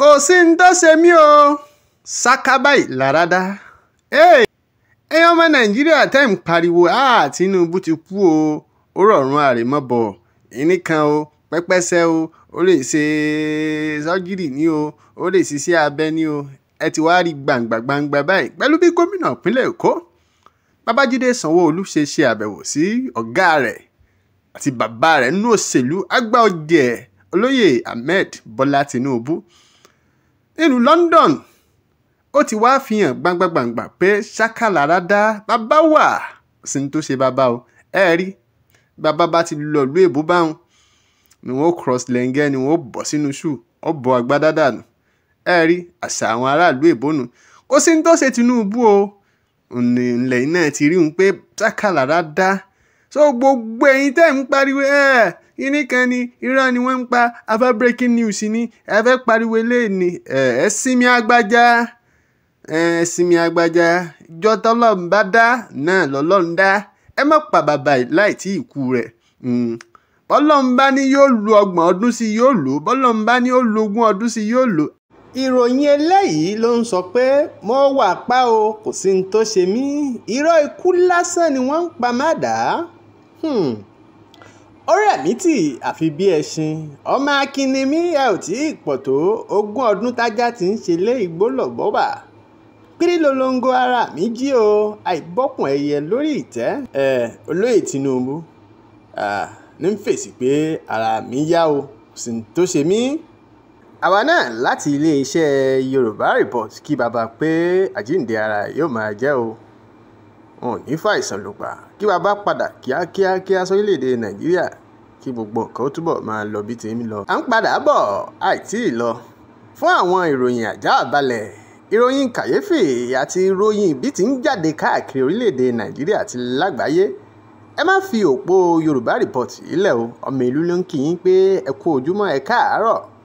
kò sí ní tó ṣe mí o ṣáká báyìí lára dá ẹyàn ọmọ nàìjíríà tẹ́ ń pariwo áà tinubu ti kú o ó rọ̀rùn àrèmọ́bọ̀ ìníkan o pẹ́pẹ́sẹ́ o ó lè ṣe sọ́jírì ní o ó lè ṣiṣẹ́ abẹ ní o ẹ ti wá rí gbangba gbangba báyìí pẹ̀lú bí gómìnà ìpínlẹ̀ èkó babájídé sanwó-olu ṣe ṣe àbẹ̀wò sí ọ̀gá rẹ̀ àti bàbá rẹ̀ nínú òṣèlú àgbà olóyè ahmed bọ́lá tinubu nílùú London ó ti wá fi hàn gbangba-gbàngbà pé ṣáká lára dá bàbá wà sí ní tó ṣe bàbá o ẹ rí bàbá bá ti lọ ìlú èbó báwọn ni wọn ó cross lẹ́ngẹ́ ni wọn ó bọ̀ sínú ṣù ó bọ̀ agbádá dànù ẹ rí àṣà àwọn aráàlú èbó nù kó sí ní tó ṣe Tinubu o òní ilẹ̀ iná ti rí un pé ṣáká lára so gbogbo ẹ̀yin tẹ́ ń pariwo ẹ̀ iní kan ni irọ́ ni wọ́n ń pa afẹ́ breaking news ni ẹ fẹ́ pariwo eléyìí ni ẹ sinmi agbájá ẹ sinmi agbájá jọtọ́ lọ́n bá dá náà lọ́lọ́n dá ẹ má pa bàbá láì tí ì kú rẹ̀ hmm. bọ́lọ́mbá ni yóò lo ọgbọ̀n ọdún sí yóò lò bọ́lọ́mbá ni yóò lo ogún ọdún sí yóò lò. ìròyìn eléyìí ló ń sọ pé mo wà pa o kò sí ní tó ṣe mí irọ́ ikú lásán ni wọ́n ń pa má dàá. Hmm ó rẹ̀ mí tì àfi bí ẹṣin ọmọ akínni mi ẹ ò tí ì pọ̀ tó ogún ọdún tájá ti ń ṣe lé igbó lọ́gbọ́bà pírí lolongo ara mi jí o àìbọ́kùn ẹyẹ lórí ìtẹ́ ẹ olóyè Tinubu ní fèsì pé ara mi yá o sì tó ṣe mí àwa náà láti iléeṣẹ́ Yorùbá Report kí bàbá pé àjíǹde ara yóò máa jẹ́ o wọn ò ní fàìsàn ló pa kí wa bá padà kíákíá kíá sórílẹ̀-èdè nàìjíríà kí gbogbo nǹkan ó túbọ̀ máa lọ bí ti ń lọ. à ń padà bọ̀ àìtí lọ fún àwọn ìròyìn àjá àbálẹ̀ ìròyìn kàyéfì àti ìròyìn bí ti ń jáde káàkiri orílẹ̀-èdè nàìjíríà àti lágbàáyé ẹ má fi òpó yorùbá report ilẹ̀ o ọmọ ìlú ló ń kí yín pé ẹ kú ojúmọ́ ẹ káàárọ̀